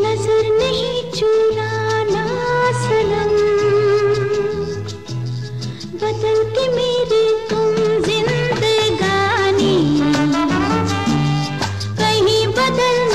नजर नहीं चुराना सनम बदल के मेरी तुम जिंदगानी कहीं बदल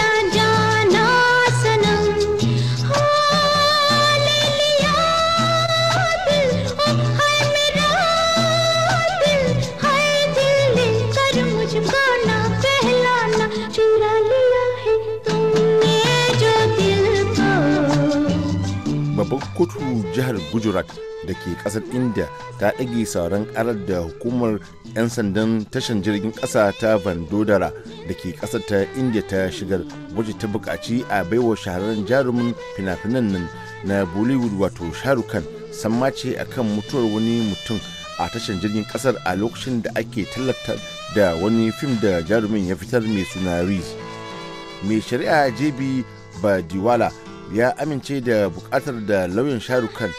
babban kotu jihar gujarat da ke kasar india ta ɗage sauran karar da hukumar 'yan sandan tashan jirgin ƙasa ta vandodara da ke ƙasar ta india ta shigar waje ta bukaci a baiwa shahararren jarumin fina-finan nan na bollywood wato sharukan ce a kan mutuwar wani mutum a tashan jirgin ƙasar a lokacin da ake tallata da wani fim da jarumin ya fitar mai suna mai shari'a jebi badiwala ya amince da bukatar da lauyan sharukan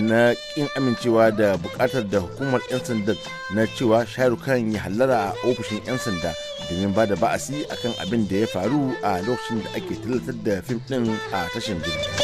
na kin amincewa da bukatar da hukumar 'yan sanda na cewa sharukan ya hallara a ofishin 'yan sanda domin ba da ba'asi akan abin da ya faru a lokacin da ake tallatar da fim din a tashin jirgin.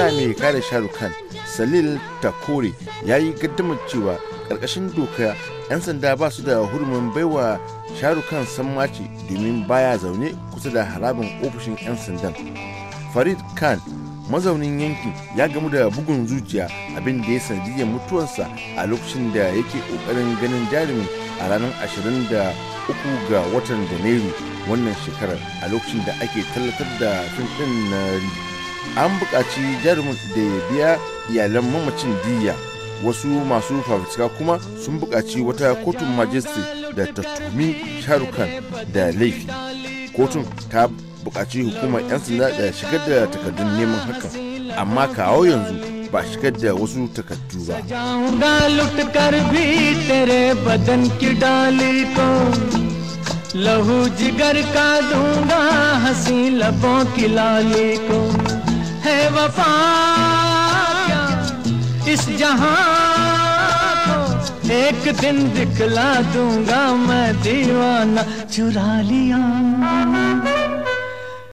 lauya mai kare sharukan salil takore ya yi gaddamar cewa karkashin doka 'yan sanda ba su da hurumin baiwa sharukan sammaci domin baya zaune kusa da harabin ofishin 'yan sandan farid khan mazaunin yankin ya gamu da bugun zuciya abin da ya sanadiyar mutuwarsa a lokacin da yake kokarin ganin jarumi a ranar 23 ga watan janairu wannan shekarar a lokacin da ake tallatar da fim din na an buƙaci jarumin da ya biya iyalan mamacin diya wasu masu fafutuka kuma sun buƙaci wata kotun majesty da ta tumi sharukan da laifi kotun ta buƙaci hukumar 'yan sanda da shigar da takardun neman hakan amma kawo yanzu ba shigar da wasu takardu ba. लहू जिगर का दूंगा हंसी लबों की लाली को है वफा इस जहां एक दिन दिखला दूंगा मैं दीवाना चुरा लिया